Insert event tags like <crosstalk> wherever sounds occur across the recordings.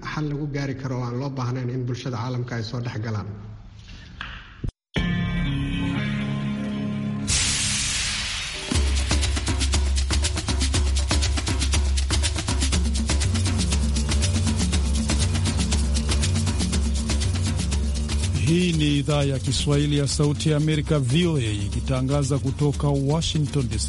xal lagu gaari karo aan loo baahnayn in bulshada caalamka ay soo dhex galaan Hii ni idhaa ya Kiswahili ya Sauti ya Amerika, VOA, ikitangaza kutoka Washington DC.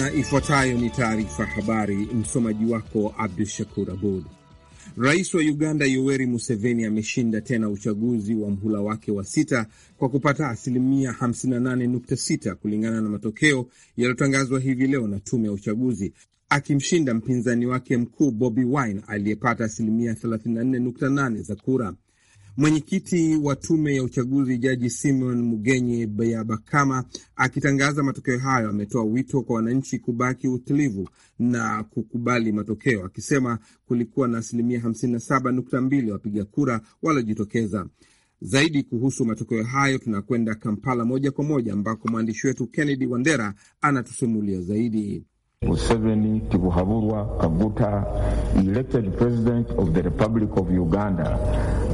na ifuatayo ni taarifa habari. Msomaji wako Abdu Shakur Abud. Rais wa Uganda Yoweri Museveni ameshinda tena uchaguzi wa mhula wake wa sita kwa kupata asilimia 58.6 kulingana na matokeo yaliyotangazwa hivi leo na tume ya uchaguzi, akimshinda mpinzani wake mkuu Bobi Wine aliyepata asilimia 34.8 za kura. Mwenyekiti wa tume ya uchaguzi Jaji Simon Mugenyi Byabakama akitangaza matokeo hayo ametoa wito kwa wananchi kubaki utulivu na kukubali matokeo, akisema kulikuwa na asilimia 57.2 wapiga kura waliojitokeza. Zaidi kuhusu matokeo hayo, tunakwenda Kampala moja kwa moja ambako mwandishi wetu Kennedy Wandera anatusimulia zaidi. Museveni Tibuhaburwa Kaguta elected president of the Republic of Uganda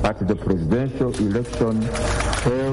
at the presidential election held eh,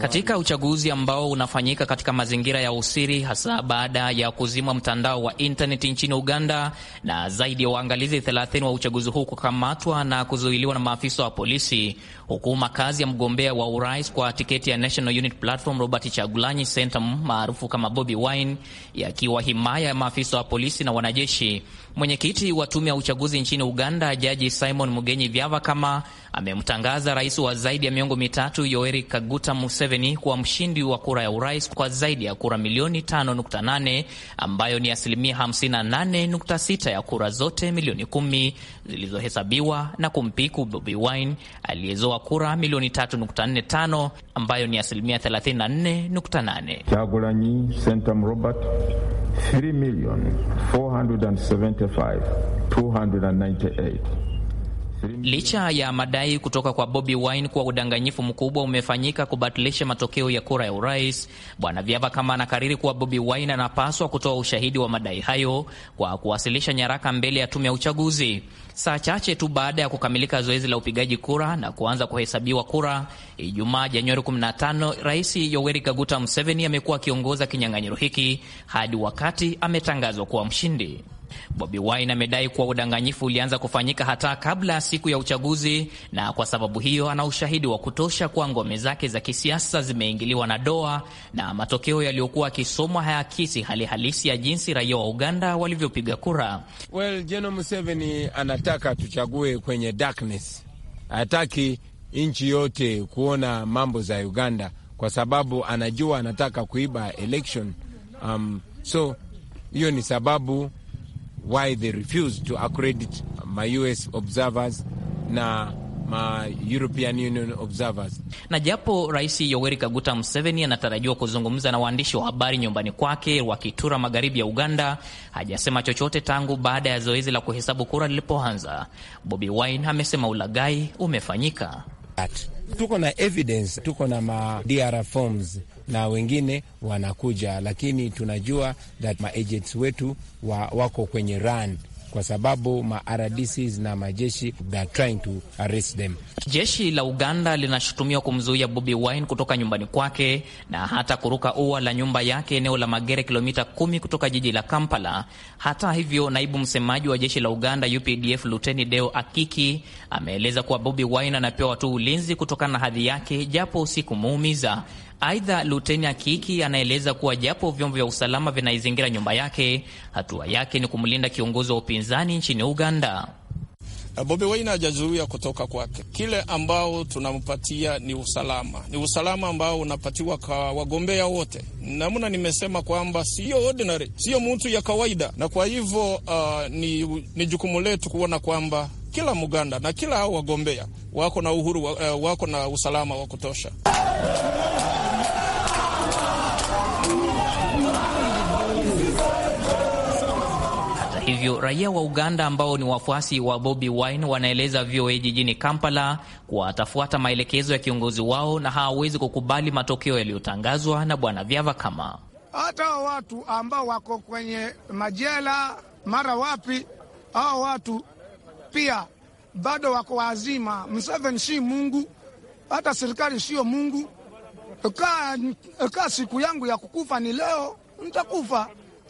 Katika uchaguzi ambao unafanyika katika mazingira ya usiri, hasa baada ya kuzimwa mtandao wa intaneti nchini Uganda, na zaidi ya waangalizi 30 wa uchaguzi huu kukamatwa na kuzuiliwa na maafisa wa polisi, huku makazi ya mgombea wa urais kwa tiketi ya National Unit Platform Robert Chagulanyi Sentam maarufu kama Bobi Wine yakiwa himaya ya maafisa wa polisi na wanajeshi. Mwenyekiti wa tume ya uchaguzi nchini Uganda, Jaji Simon Mugenyi kama amemtangaza rais wa zaidi zaidi ya miongo mitatu Yoweri Kaguta Museveni kuwa mshindi wa kura ya urais kwa zaidi ya kura milioni 5.8 ambayo ni asilimia 58.6 ya kura zote milioni kumi zilizohesabiwa na kumpiku Bobi Wine aliyezoa kura milioni 3.45 ambayo ni asilimia 34.8. Chagulanyi Sentam Robert 3,475,298 Licha ya madai kutoka kwa Bobi Wine kuwa udanganyifu mkubwa umefanyika kubatilisha matokeo ya kura ya urais, Bwana kama anakariri kuwa Bobi Wine anapaswa kutoa ushahidi wa madai hayo kwa kuwasilisha nyaraka mbele ya tume ya uchaguzi. Saa chache tu baada ya kukamilika zoezi la upigaji kura na kuanza kuhesabiwa kura Ijumaa Januari 15, Rais Yoweri Kaguta Museveni amekuwa akiongoza kinyang'anyiro hiki hadi wakati ametangazwa kuwa mshindi. Bobi Wine amedai kuwa udanganyifu ulianza kufanyika hata kabla ya siku ya uchaguzi, na kwa sababu hiyo ana ushahidi wa kutosha kuwa ngome zake za kisiasa zimeingiliwa na doa na matokeo yaliyokuwa akisomwa hayakisi hali halisi ya jinsi raia wa Uganda walivyopiga kura. Well, Museveni anataka tuchague kwenye darkness. Hataki nchi yote kuona mambo za Uganda kwa sababu anajua anataka kuiba election. Um, so hiyo ni sababu why they refused to accredit my US observers na European Union observers. Na japo Rais Yoweri Kaguta Museveni anatarajiwa kuzungumza na waandishi wa habari nyumbani kwake wa kitura magharibi ya Uganda, hajasema chochote tangu baada ya zoezi la kuhesabu kura lilipoanza. Bobi Wine amesema ulagai umefanyika At. Tuko na evidence, tuko na ma DR forms na wengine wanakuja, lakini tunajua that maagents agents wetu wa wako kwenye run kwa sababu ma na majeshi they are trying to arrest them. Jeshi la Uganda linashutumiwa kumzuia Bobi Wine kutoka nyumbani kwake na hata kuruka ua la nyumba yake eneo la Magere, kilomita kumi kutoka jiji la Kampala. Hata hivyo, naibu msemaji wa jeshi la Uganda UPDF Luteni Deo Akiki ameeleza kuwa Bobi Wine anapewa tu ulinzi kutokana na hadhi yake, japo usiku muumiza Aidha, Luteni Akiki anaeleza kuwa japo vyombo vya usalama vinaizingira nyumba yake, hatua yake ni kumlinda kiongozi wa upinzani nchini Uganda. Bobi Wine hajazuia kutoka kwake. Kile ambao tunampatia ni usalama, ni usalama ambao unapatiwa kwa wagombea wote. Namna nimesema kwamba siyo ordinary, siyo mtu ya kawaida, na kwa hivyo uh, ni, ni jukumu letu kuona kwamba kila Muganda na kila hao wagombea wako na uhuru, uh, wako na usalama wa kutosha. Hivyo raia wa Uganda ambao ni wafuasi wa Bobi Wine wanaeleza VOA jijini Kampala kuwa atafuata maelekezo ya kiongozi wao na hawawezi kukubali matokeo yaliyotangazwa na bwana Vyavakama. Hata watu ambao wako kwenye majela mara wapi, hao watu pia bado wako wazima. Mseveni si Mungu, hata serikali sio Mungu. Kaa siku yangu ya kukufa ni leo, ntakufa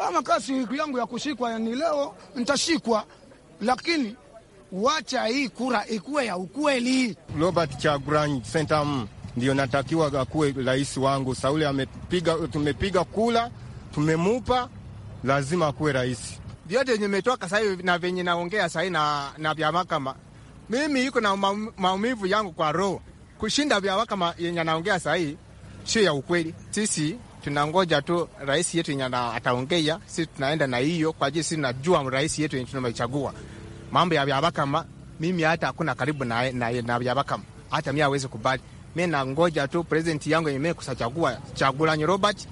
ama kasi yangu ya kushikwa ni leo, nitashikwa, lakini wacha hii kura ikuwe ya ukweli. Robert Chaguranyi Sentamu ndio natakiwa akuwe rais wangu. Sauli amepiga, tumepiga kula, tumemupa, lazima akuwe rais. Vyote venye imetoka sahivi na venye naongea sahi na, na vya mahakama, mimi iko na maumivu yangu kwa roho kushinda vya mahakama yenye naongea sahi sio ya ukweli. Sisi tunangoja tu rais yetu yenye ataongea, si tunaenda na hiyo kwa ajili, si tunajua rais yetu yenye tunamechagua. Mambo ya vyabakama mimi hata hakuna karibu na, na, na Byabakama hata mi awezi kubali. Mi nangoja tu presidenti yangu yenye kusachagua Chagulanyi Robert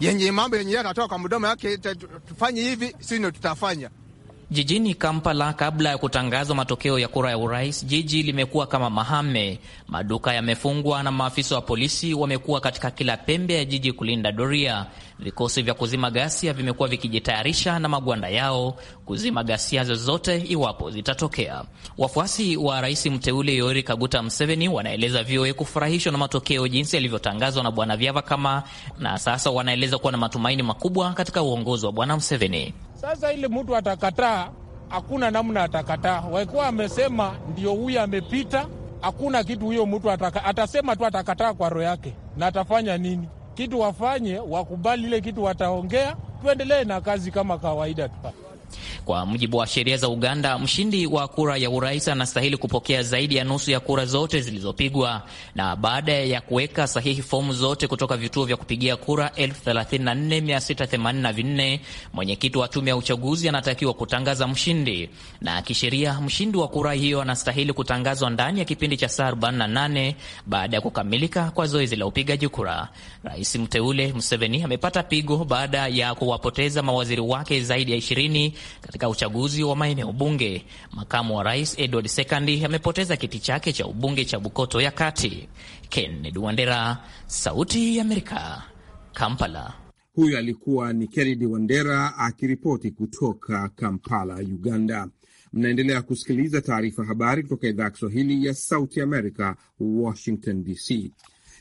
yenye mambo yenye atatoa kwa mdomo yake, tufanye hivi, si ndio tutafanya Jijini Kampala, kabla ya kutangazwa matokeo ya kura ya urais, jiji limekuwa kama mahame. Maduka yamefungwa na maafisa wa polisi wamekuwa katika kila pembe ya jiji kulinda doria. Vikosi vya kuzima ghasia vimekuwa vikijitayarisha na magwanda yao kuzima ghasia zozote iwapo zitatokea. Wafuasi wa rais mteule Yoweri Kaguta Museveni wanaeleza VOA kufurahishwa na matokeo jinsi yalivyotangazwa na Bwana Vyava kama, na sasa wanaeleza kuwa na matumaini makubwa katika uongozi wa Bwana Museveni. Sasa ile mtu atakataa, hakuna namna, atakataa. Waikuwa amesema ndio huyu amepita, hakuna kitu huyo mtu ataka, atasema tu atakataa kwa roho yake, na atafanya nini? Kitu wafanye wakubali ile kitu wataongea, tuendelee na kazi kama kawaida tu. Kwa mujibu wa sheria za Uganda, mshindi wa kura ya urais anastahili kupokea zaidi ya nusu ya kura zote zilizopigwa, na baada ya kuweka sahihi fomu zote kutoka vituo vya kupigia kura 34684 mwenyekiti wa tume ya uchaguzi anatakiwa kutangaza mshindi, na kisheria mshindi wa kura hiyo anastahili kutangazwa ndani ya kipindi cha saa 48 baada ya kukamilika kwa zoezi la upigaji kura. Rais mteule Museveni amepata pigo baada ya kuwapoteza mawaziri wake zaidi ya 20 katika uchaguzi wa maeneo bunge, makamu wa rais Edward Sekandi amepoteza kiti chake cha ubunge cha Bukoto ya Kati. Kennedy Wandera, Sauti ya Amerika, Kampala. Huyu alikuwa ni Kennedy Wandera akiripoti kutoka Kampala, Uganda. Mnaendelea kusikiliza taarifa habari kutoka idhaa ya Kiswahili ya Sauti Amerika, Washington DC.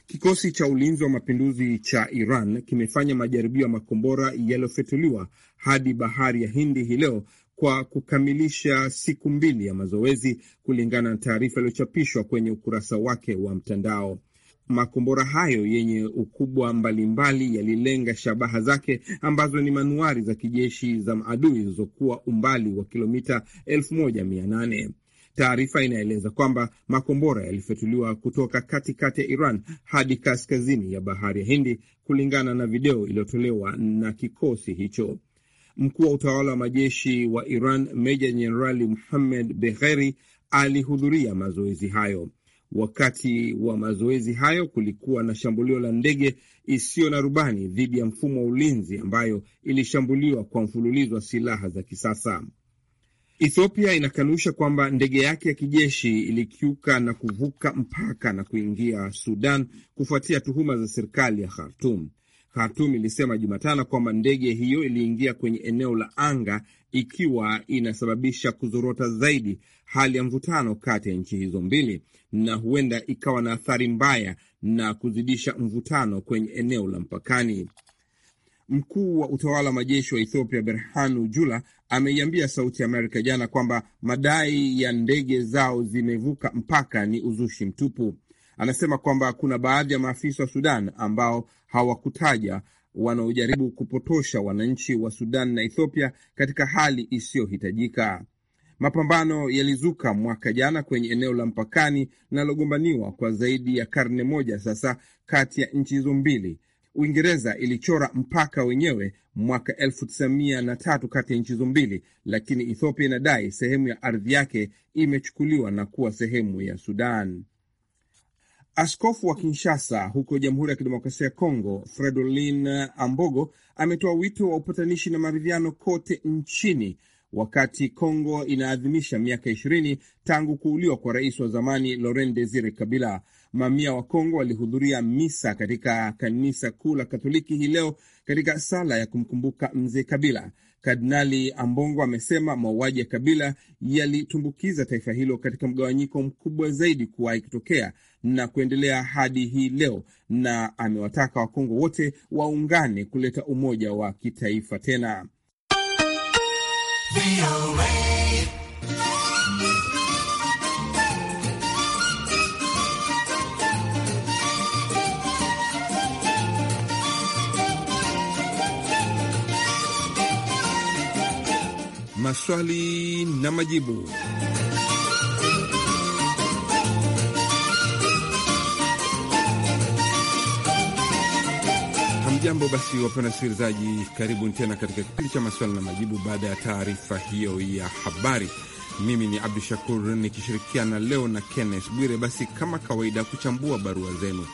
Kikosi cha ulinzi wa mapinduzi cha Iran kimefanya majaribio ya makombora yaliyofyatuliwa hadi bahari ya Hindi hii leo kwa kukamilisha siku mbili ya mazoezi, kulingana na taarifa iliyochapishwa kwenye ukurasa wake wa mtandao. Makombora hayo yenye ukubwa mbalimbali yalilenga shabaha zake ambazo ni manuari za kijeshi za maadui zilizokuwa umbali wa kilomita 1800. Taarifa inaeleza kwamba makombora yalifyatuliwa kutoka katikati ya Iran hadi kaskazini ya bahari ya Hindi, kulingana na video iliyotolewa na kikosi hicho. Mkuu wa utawala wa majeshi wa Iran Meja Jenerali Muhammed Begheri alihudhuria mazoezi hayo. Wakati wa mazoezi hayo kulikuwa na shambulio la ndege isiyo na rubani dhidi ya mfumo wa ulinzi ambayo ilishambuliwa kwa mfululizo wa silaha za kisasa. Ethiopia inakanusha kwamba ndege yake ya kijeshi ilikiuka na kuvuka mpaka na kuingia Sudan kufuatia tuhuma za serikali ya Khartum. Khartum ilisema Jumatano kwamba ndege hiyo iliingia kwenye eneo la anga ikiwa inasababisha kuzorota zaidi hali ya mvutano kati ya nchi hizo mbili, na huenda ikawa na athari mbaya na kuzidisha mvutano kwenye eneo la mpakani. Mkuu wa utawala wa majeshi wa Ethiopia Berhanu Jula ameiambia Sauti ya Amerika jana kwamba madai ya ndege zao zimevuka mpaka ni uzushi mtupu. Anasema kwamba kuna baadhi ya maafisa wa Sudan ambao hawakutaja wanaojaribu kupotosha wananchi wa Sudan na Ethiopia katika hali isiyohitajika. Mapambano yalizuka mwaka jana kwenye eneo la mpakani linalogombaniwa kwa zaidi ya karne moja sasa kati ya nchi hizo mbili Uingereza ilichora mpaka wenyewe mwaka 1903 kati ya nchi hizo mbili, lakini Ethiopia inadai sehemu ya ardhi yake imechukuliwa na kuwa sehemu ya Sudan. Askofu wa Kinshasa huko Jamhuri ya Kidemokrasia ya Kongo, Fredolin Ambogo, ametoa wito wa upatanishi na maridhiano kote nchini wakati Kongo inaadhimisha miaka ishirini tangu kuuliwa kwa rais wa zamani Laurent Desire Kabila. Mamia wa Kongo walihudhuria misa katika kanisa kuu la Katoliki hii leo katika sala ya kumkumbuka mzee Kabila. Kardinali Ambongo amesema mauaji ya Kabila yalitumbukiza taifa hilo katika mgawanyiko mkubwa zaidi kuwahi kutokea na kuendelea hadi hii leo, na amewataka Wakongo wote waungane kuleta umoja wa kitaifa tena. maswali na majibu. Jambo basi, wapenda wasikilizaji, karibuni tena katika kipindi cha maswali na majibu baada ya taarifa hiyo ya habari. Mimi ni Abdu Shakur nikishirikiana leo na Kennes Bwire. Basi kama kawaida, kuchambua barua zenu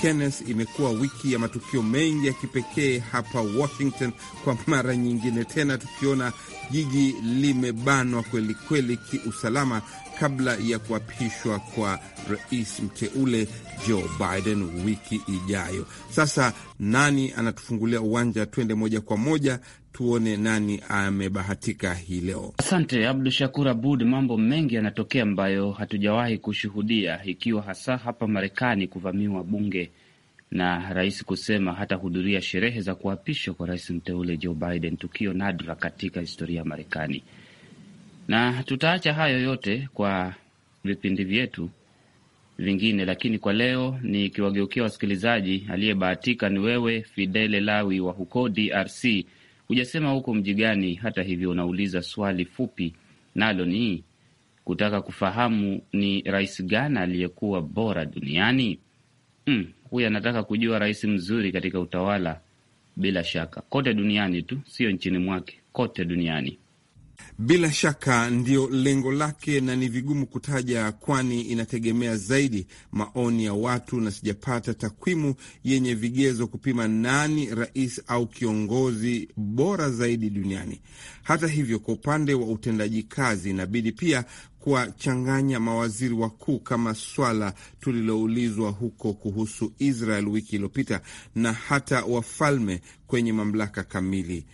Kenneth, imekuwa wiki ya matukio mengi ya kipekee hapa Washington. Kwa mara nyingine tena tukiona jiji limebanwa kwelikweli kiusalama kabla ya kuapishwa kwa rais mteule Joe Biden wiki ijayo. Sasa nani anatufungulia uwanja? Twende moja kwa moja tuone nani amebahatika hii leo. Asante Abdu Shakur Abud. Mambo mengi yanatokea ambayo hatujawahi kushuhudia, ikiwa hasa hapa Marekani kuvamiwa bunge na rais kusema hatahudhuria sherehe za kuapishwa kwa rais mteule Joe Biden, tukio nadra katika historia ya Marekani na tutaacha hayo yote kwa vipindi vyetu vingine, lakini kwa leo nikiwageukia wasikilizaji, aliyebahatika ni wewe Fidele Lawi wa huko DRC. Hujasema huko mji gani, hata hivyo unauliza swali fupi, nalo ni kutaka kufahamu ni rais gani aliyekuwa bora duniani. Hmm, huyu anataka kujua rais mzuri katika utawala, bila shaka kote duniani tu, sio nchini mwake, kote duniani. Bila shaka ndio lengo lake, na ni vigumu kutaja, kwani inategemea zaidi maoni ya watu, na sijapata takwimu yenye vigezo kupima nani rais au kiongozi bora zaidi duniani. Hata hivyo, kwa upande wa utendaji kazi, inabidi pia kuwachanganya mawaziri wakuu, kama swala tuliloulizwa huko kuhusu Israel wiki iliyopita, na hata wafalme kwenye mamlaka kamili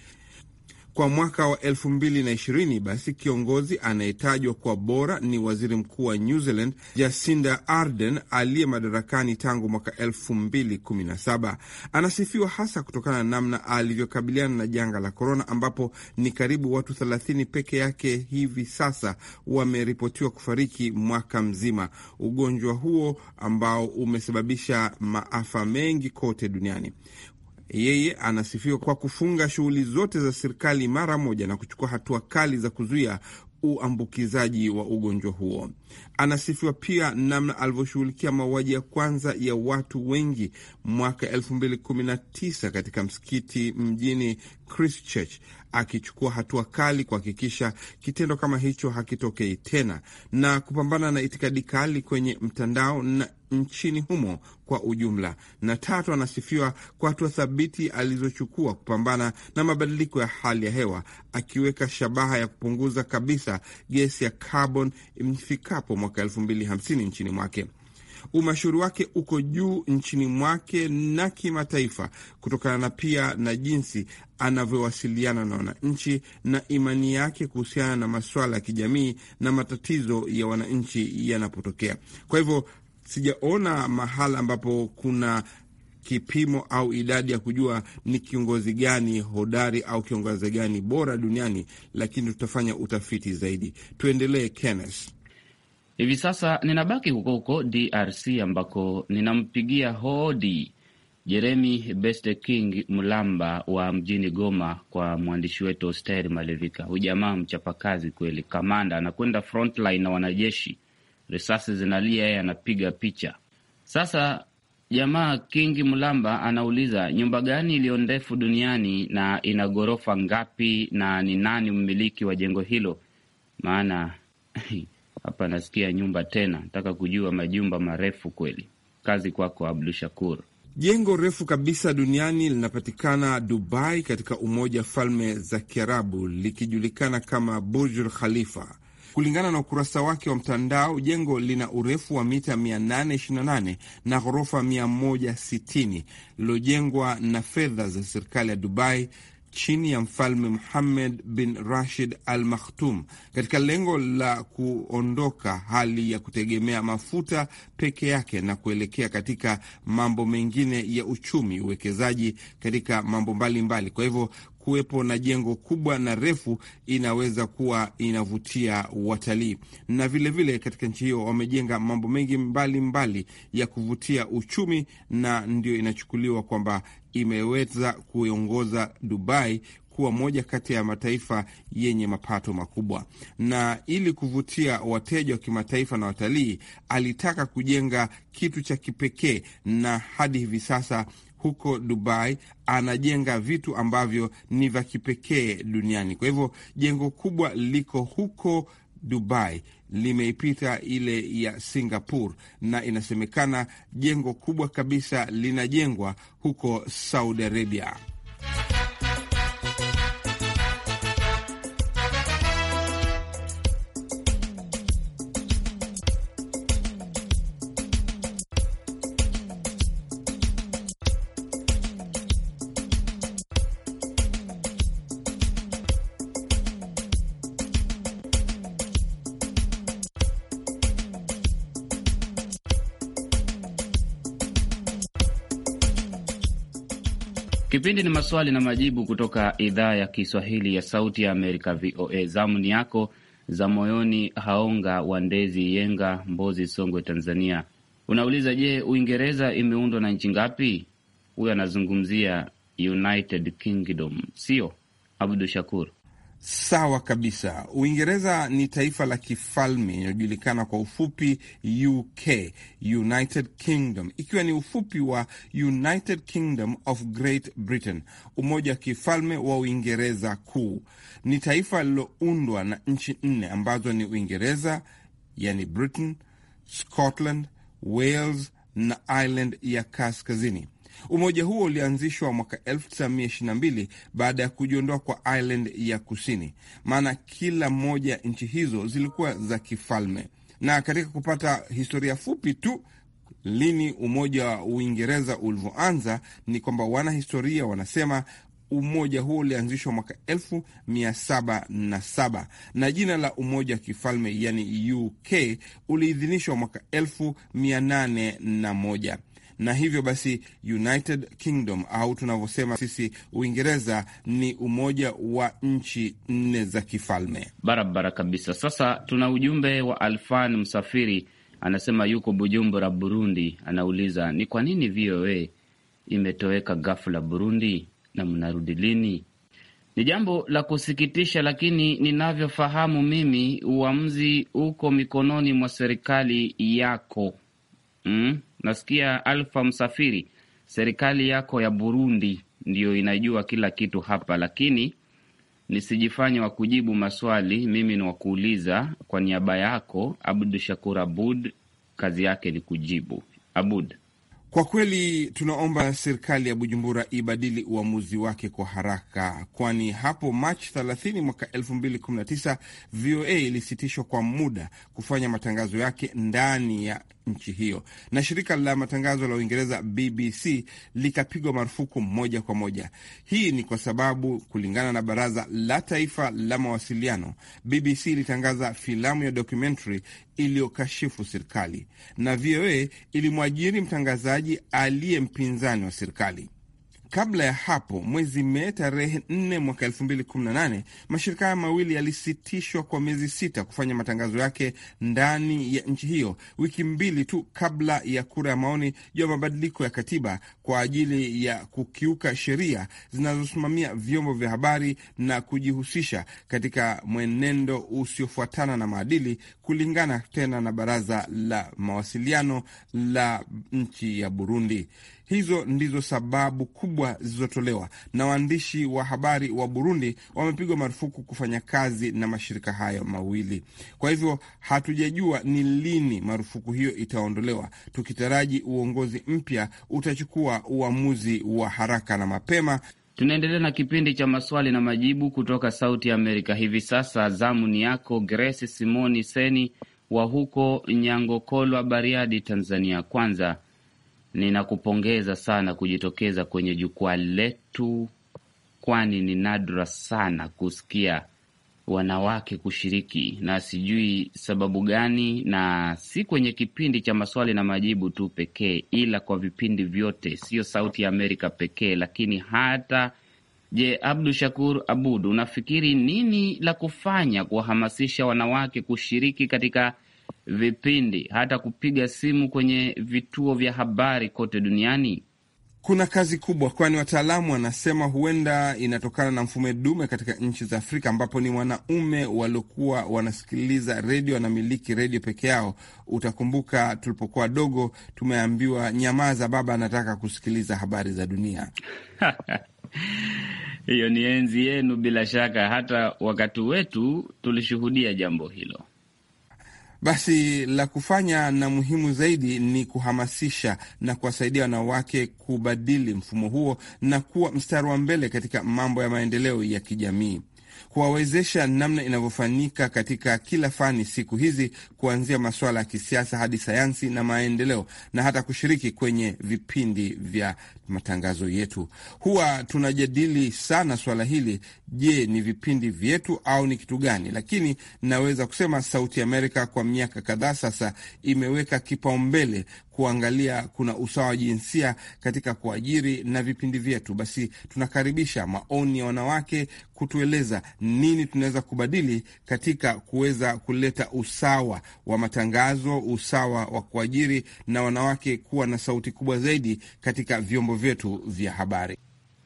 kwa mwaka wa 2020 basi kiongozi anayetajwa kwa bora ni waziri mkuu wa New Zealand Jacinda Ardern aliye madarakani tangu mwaka 2017. Anasifiwa hasa kutokana na namna alivyokabiliana na janga la korona, ambapo ni karibu watu 30 peke yake hivi sasa wameripotiwa kufariki mwaka mzima, ugonjwa huo ambao umesababisha maafa mengi kote duniani. Yeye anasifiwa kwa kufunga shughuli zote za serikali mara moja na kuchukua hatua kali za kuzuia uambukizaji wa ugonjwa huo. Anasifiwa pia namna alivyoshughulikia mauaji ya kwanza ya watu wengi mwaka 2019 katika msikiti mjini Christchurch akichukua hatua kali kuhakikisha kitendo kama hicho hakitokei tena na kupambana na itikadi kali kwenye mtandao na nchini humo kwa ujumla. Na tatu, anasifiwa kwa hatua thabiti alizochukua kupambana na mabadiliko ya hali ya hewa, akiweka shabaha ya kupunguza kabisa gesi ya carbon imfikapo mwaka elfu mbili hamsini nchini mwake. Umashuhuri wake uko juu nchini mwake na kimataifa, kutokana na pia na jinsi anavyowasiliana na wananchi na imani yake kuhusiana na masuala ya kijamii na matatizo ya wananchi yanapotokea. Kwa hivyo sijaona mahala ambapo kuna kipimo au idadi ya kujua ni kiongozi gani hodari au kiongozi gani bora duniani, lakini tutafanya utafiti zaidi. Tuendelee, Kenneth. Hivi sasa ninabaki huko huko DRC ambako ninampigia hodi Jeremi Beste King Mlamba wa mjini Goma kwa mwandishi wetu Osteri Malevika. jamaa mchapakazi kweli, kamanda anakwenda frontline na wanajeshi, risasi zinalia, yeye anapiga picha. Sasa jamaa King Mlamba anauliza nyumba gani iliyo ndefu duniani na ina ghorofa ngapi na ni nani mmiliki wa jengo hilo? Maana <laughs> Hapa nasikia nyumba tena, nataka kujua majumba marefu kweli. Kazi kwako, Abdu Shakur. Jengo refu kabisa duniani linapatikana Dubai, katika Umoja wa Falme za Kiarabu, likijulikana kama Burjul Khalifa. Kulingana na ukurasa wake wa mtandao, jengo lina urefu wa mita 828 na ghorofa 160 lililojengwa na fedha za serikali ya Dubai chini ya mfalme Muhammed bin Rashid Al Maktum katika lengo la kuondoka hali ya kutegemea mafuta peke yake na kuelekea katika mambo mengine ya uchumi, uwekezaji katika mambo mbalimbali mbali. Kwa hivyo kuwepo na jengo kubwa na refu inaweza kuwa inavutia watalii, na vilevile vile katika nchi hiyo wamejenga mambo mengi mbalimbali mbali ya kuvutia uchumi, na ndio inachukuliwa kwamba imeweza kuiongoza Dubai kuwa moja kati ya mataifa yenye mapato makubwa. Na ili kuvutia wateja wa kimataifa na watalii, alitaka kujenga kitu cha kipekee, na hadi hivi sasa huko Dubai anajenga vitu ambavyo ni vya kipekee duniani. Kwa hivyo jengo kubwa liko huko Dubai limeipita ile ya Singapore na inasemekana jengo kubwa kabisa linajengwa huko Saudi Arabia. Kipindi ni maswali na majibu kutoka idhaa ya Kiswahili ya Sauti ya Amerika, VOA. Zamu ni yako za moyoni, Haonga wa Ndezi, Yenga, Mbozi, Songwe, Tanzania. Unauliza, je, Uingereza imeundwa na nchi ngapi? Huyo anazungumzia United Kingdom, sio? Abdu Shakur Sawa kabisa. Uingereza ni taifa la kifalme inayojulikana kwa ufupi UK, United Kingdom, ikiwa ni ufupi wa United Kingdom of Great Britain, umoja wa kifalme wa Uingereza Kuu. Ni taifa lililoundwa na nchi nne ambazo ni Uingereza, yani Britain, Scotland, Wales na Ireland ya Kaskazini. Umoja huo ulianzishwa mwaka 1922 baada ya kujiondoa kwa Ireland ya Kusini, maana kila moja nchi hizo zilikuwa za kifalme. Na katika kupata historia fupi tu lini umoja wa Uingereza ulivyoanza ni kwamba wanahistoria wanasema umoja huo ulianzishwa mwaka 1707 na jina la umoja wa kifalme yani UK uliidhinishwa mwaka 1801 na hivyo basi United Kingdom au tunavyosema sisi Uingereza ni umoja wa nchi nne za kifalme. Barabara kabisa. Sasa tuna ujumbe wa Alfan Msafiri, anasema yuko Bujumbura, Burundi. Anauliza, ni kwa nini VOA imetoweka ghafla Burundi na mnarudi lini? Ni jambo la kusikitisha, lakini ninavyofahamu mimi, uamuzi uko mikononi mwa serikali yako mm? Nasikia Alfa Msafiri, serikali yako ya Burundi ndiyo inajua kila kitu hapa, lakini nisijifanye wa kujibu maswali, mimi ni wakuuliza kwa niaba yako. Abdu Shakur Abud, kazi yake ni kujibu. Abud, kwa kweli tunaomba serikali ya Bujumbura ibadili uamuzi wake kwa haraka, kwani hapo Machi 30 mwaka 2019 VOA ilisitishwa kwa muda kufanya matangazo yake ndani ya nchi hiyo, na shirika la matangazo la Uingereza BBC likapigwa marufuku moja kwa moja. Hii ni kwa sababu kulingana na Baraza la Taifa la Mawasiliano, BBC ilitangaza filamu ya dokumentary iliyokashifu serikali na VOA ilimwajiri mtangazaji aliye mpinzani wa serikali. Kabla ya hapo mwezi Mei tarehe 4 mwaka nane mashirika haya mawili yalisitishwa kwa miezi sita kufanya matangazo yake ndani ya nchi hiyo, wiki mbili tu kabla ya kura ya maoni juu ya mabadiliko ya katiba kwa ajili ya kukiuka sheria zinazosimamia vyombo vya habari na kujihusisha katika mwenendo usiofuatana na maadili, kulingana tena na baraza la mawasiliano la nchi ya Burundi. Hizo ndizo sababu kubwa zilizotolewa na waandishi wa habari wa Burundi, wamepigwa marufuku kufanya kazi na mashirika hayo mawili. Kwa hivyo hatujajua ni lini marufuku hiyo itaondolewa, tukitaraji uongozi mpya utachukua uamuzi wa haraka na mapema. Tunaendelea na kipindi cha maswali na majibu kutoka Sauti ya Amerika. Hivi sasa zamu ni yako Grace Simoni Seni wa huko Nyangokolwa, Bariadi, Tanzania. Kwanza ninakupongeza sana kujitokeza kwenye jukwaa letu, kwani ni nadra sana kusikia wanawake kushiriki, na sijui sababu gani, na si kwenye kipindi cha maswali na majibu tu pekee, ila kwa vipindi vyote, sio Sauti ya Amerika pekee, lakini hata Je, Abdu Shakur Abud, unafikiri nini la kufanya kuwahamasisha wanawake kushiriki katika vipindi, hata kupiga simu kwenye vituo vya habari kote duniani? Kuna kazi kubwa, kwani wataalamu wanasema huenda inatokana na mfumo dume katika nchi za Afrika ambapo ni wanaume waliokuwa wanasikiliza redio, wanamiliki redio peke yao. Utakumbuka tulipokuwa dogo, tumeambiwa nyamaza, baba anataka kusikiliza habari za dunia. <laughs> Hiyo ni enzi yenu, bila shaka hata wakati wetu tulishuhudia jambo hilo. Basi la kufanya na muhimu zaidi ni kuhamasisha na kuwasaidia wanawake kubadili mfumo huo na kuwa mstari wa mbele katika mambo ya maendeleo ya kijamii, kuwawezesha namna inavyofanyika katika kila fani siku hizi, kuanzia masuala ya kisiasa hadi sayansi na maendeleo, na hata kushiriki kwenye vipindi vya matangazo yetu. Huwa tunajadili sana swala hili, je, ni vipindi vyetu au ni kitu gani? Lakini naweza kusema Sauti Amerika kwa miaka kadhaa sasa imeweka kipaumbele kuangalia kuna usawa wa jinsia katika kuajiri na vipindi vyetu. Basi tunakaribisha maoni ya wanawake kutueleza nini tunaweza kubadili katika kuweza kuleta usawa wa matangazo, usawa wa kuajiri na wanawake kuwa na sauti kubwa zaidi katika vyombo vyetu vya habari.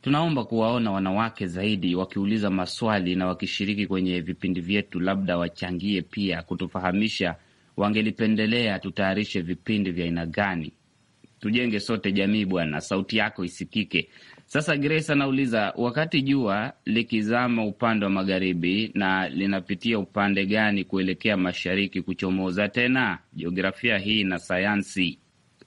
Tunaomba kuwaona wanawake zaidi wakiuliza maswali na wakishiriki kwenye vipindi vyetu, labda wachangie pia kutufahamisha wangelipendelea tutayarishe vipindi vya aina gani. Tujenge sote jamii bwana, sauti yako isikike. Sasa Grace anauliza, wakati jua likizama upande wa magharibi na linapitia upande gani kuelekea mashariki kuchomoza tena? Jiografia hii na sayansi.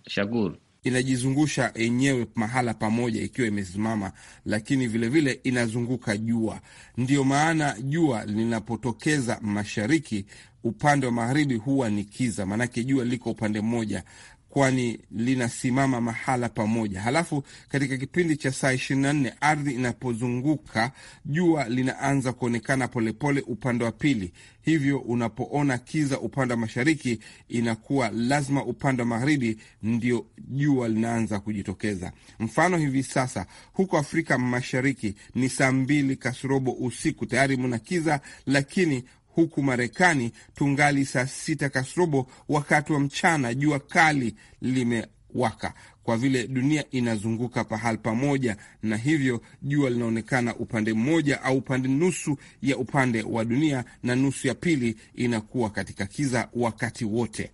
Shakuru inajizungusha yenyewe mahala pamoja ikiwa imesimama, lakini vilevile vile inazunguka jua. Ndiyo maana jua linapotokeza mashariki, upande wa magharibi huwa ni kiza, maanake jua liko upande mmoja kwani linasimama mahala pamoja. Halafu katika kipindi cha saa ishirini na nne ardhi inapozunguka jua linaanza kuonekana polepole upande wa pili, hivyo unapoona kiza upande wa mashariki, inakuwa lazima upande wa magharibi ndio jua linaanza kujitokeza. Mfano hivi sasa huko Afrika Mashariki ni saa mbili kasorobo usiku, tayari muna kiza, lakini huku Marekani tungali saa sita kasrobo wakati wa mchana, jua kali limewaka kwa vile dunia inazunguka pahali pamoja, na hivyo jua linaonekana upande mmoja au upande nusu ya upande wa dunia, na nusu ya pili inakuwa katika kiza wakati wote.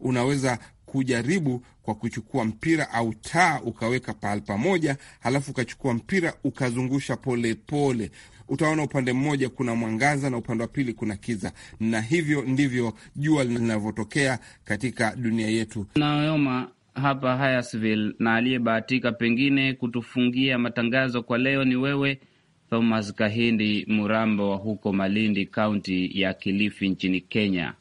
Unaweza kujaribu kwa kuchukua mpira au taa ukaweka pahali pamoja, halafu ukachukua mpira ukazungusha polepole pole utaona upande mmoja kuna mwangaza na upande wa pili kuna kiza, na hivyo ndivyo jua linavyotokea katika dunia yetu nayoma hapa Hyacville, na aliyebahatika pengine kutufungia matangazo kwa leo ni wewe Thomas Kahindi Murambo wa huko Malindi, kaunti ya Kilifi nchini Kenya.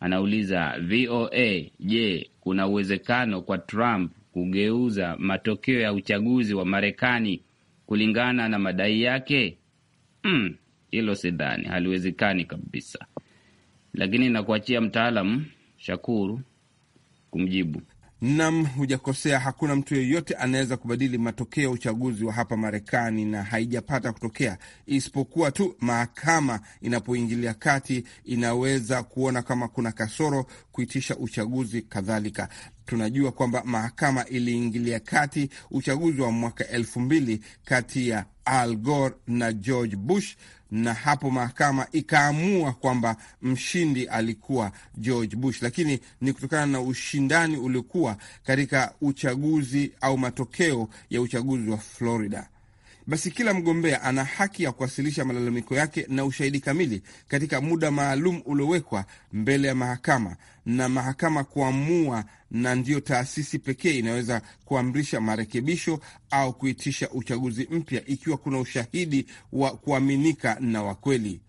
Anauliza VOA, je, kuna uwezekano kwa Trump kugeuza matokeo ya uchaguzi wa Marekani kulingana na madai yake? Mm, hilo sidhani, haliwezekani kabisa, lakini nakuachia mtaalam Shakuru kumjibu. Nam, hujakosea. Hakuna mtu yeyote anaweza kubadili matokeo ya uchaguzi wa hapa Marekani, na haijapata kutokea, isipokuwa tu mahakama inapoingilia kati inaweza kuona kama kuna kasoro, kuitisha uchaguzi kadhalika. Tunajua kwamba mahakama iliingilia kati uchaguzi wa mwaka elfu mbili kati ya Al Gore na George Bush, na hapo mahakama ikaamua kwamba mshindi alikuwa George Bush, lakini ni kutokana na ushindani uliokuwa katika uchaguzi au matokeo ya uchaguzi wa Florida basi kila mgombea ana haki ya kuwasilisha malalamiko yake na ushahidi kamili katika muda maalum uliowekwa mbele ya mahakama na mahakama kuamua, na ndiyo taasisi pekee inaweza kuamrisha marekebisho au kuitisha uchaguzi mpya ikiwa kuna ushahidi wa kuaminika na wa kweli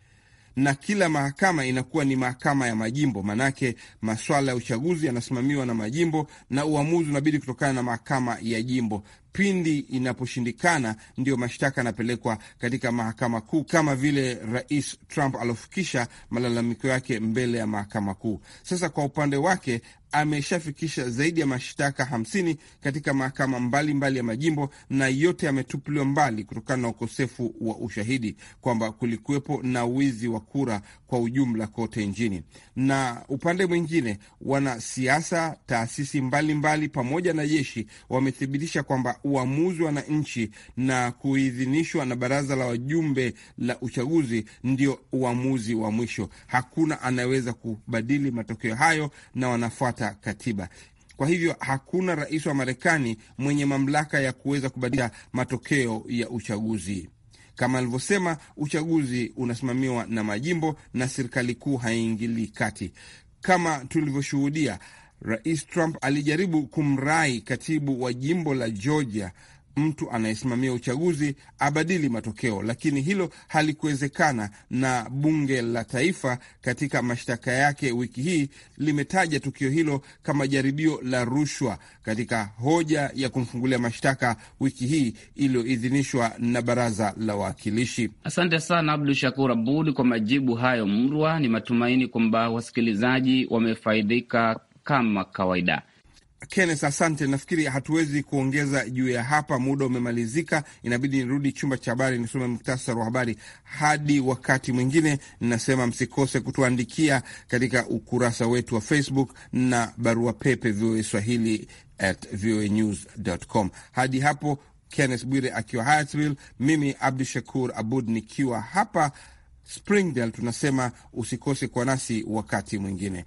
na kila mahakama inakuwa ni mahakama ya majimbo, manake maswala ya uchaguzi yanasimamiwa na majimbo na uamuzi unabidi kutokana na mahakama ya jimbo pindi inaposhindikana, ndio mashtaka yanapelekwa katika mahakama kuu, kama vile Rais Trump aliofikisha malalamiko yake mbele ya mahakama kuu. Sasa kwa upande wake ameshafikisha zaidi ya mashtaka hamsini katika mahakama mbalimbali ya majimbo na yote yametupiliwa mbali kutokana na ukosefu wa ushahidi kwamba kulikuwepo na wizi wa kura kwa ujumla kote nchini. Na upande mwingine, wanasiasa, taasisi mbalimbali mbali, pamoja na jeshi wamethibitisha kwamba uamuzi wa wananchi na kuidhinishwa na baraza la wajumbe la uchaguzi ndio uamuzi wa mwisho. Hakuna anayeweza kubadili matokeo hayo na wanafuata kufuata katiba. Kwa hivyo hakuna rais wa Marekani mwenye mamlaka ya kuweza kubadilisha matokeo ya uchaguzi. Kama alivyosema, uchaguzi unasimamiwa na majimbo na serikali kuu haiingilii kati, kama tulivyoshuhudia Rais Trump alijaribu kumrai katibu wa jimbo la Georgia mtu anayesimamia uchaguzi abadili matokeo, lakini hilo halikuwezekana, na bunge la taifa katika mashtaka yake wiki hii limetaja tukio hilo kama jaribio la rushwa katika hoja ya kumfungulia mashtaka wiki hii iliyoidhinishwa na baraza la wawakilishi. Asante sana Abdu Shakur Abud kwa majibu hayo mrwa. Ni matumaini kwamba wasikilizaji wamefaidika kama kawaida. Kenneth, asante. Nafikiri hatuwezi kuongeza juu ya hapa, muda umemalizika. Inabidi nirudi chumba cha habari nisome muktasari wa habari. Hadi wakati mwingine, nasema msikose kutuandikia katika ukurasa wetu wa Facebook na barua pepe VOA Swahili at voanews.com. Hadi hapo, Kenneth Bwire akiwa Hyattsville, mimi Abdu Shakur Abud nikiwa hapa Springdale, tunasema usikose kwa nasi wakati mwingine.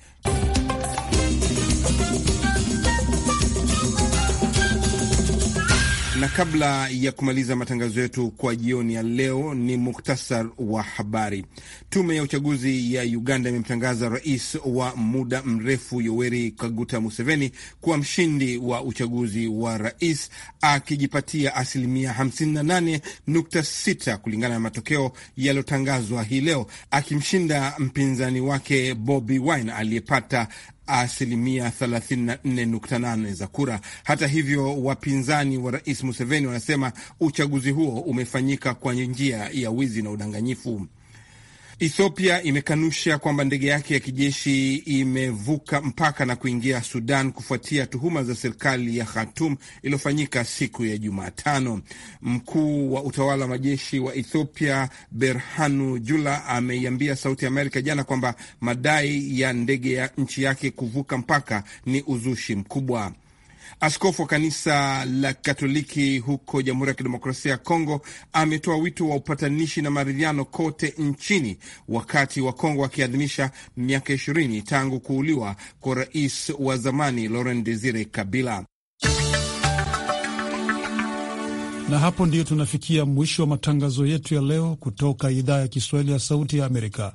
Na kabla ya kumaliza matangazo yetu kwa jioni ya leo, ni muktasar wa habari. Tume ya uchaguzi ya Uganda imemtangaza rais wa muda mrefu Yoweri Kaguta Museveni kuwa mshindi wa uchaguzi wa rais akijipatia asilimia 58.6 kulingana na matokeo yaliyotangazwa hii leo, akimshinda mpinzani wake Bobi Wine aliyepata asilimia 34.8 za kura. Hata hivyo, wapinzani wa rais Museveni wanasema uchaguzi huo umefanyika kwa njia ya wizi na udanganyifu. Ethiopia imekanusha kwamba ndege yake ya kijeshi imevuka mpaka na kuingia Sudan kufuatia tuhuma za serikali ya Khartoum iliyofanyika siku ya Jumatano. Mkuu wa utawala wa majeshi wa Ethiopia Berhanu Jula ameiambia Sauti Amerika jana kwamba madai ya ndege ya nchi yake kuvuka mpaka ni uzushi mkubwa. Askofu wa kanisa la Katoliki huko Jamhuri ya Kidemokrasia ya Kongo ametoa wito wa upatanishi na maridhiano kote nchini, wakati wa Kongo akiadhimisha miaka ishirini tangu kuuliwa kwa rais wa zamani Laurent Desire Kabila. Na hapo ndiyo tunafikia mwisho wa matangazo yetu ya leo kutoka idhaa ya Kiswahili ya Sauti ya Amerika.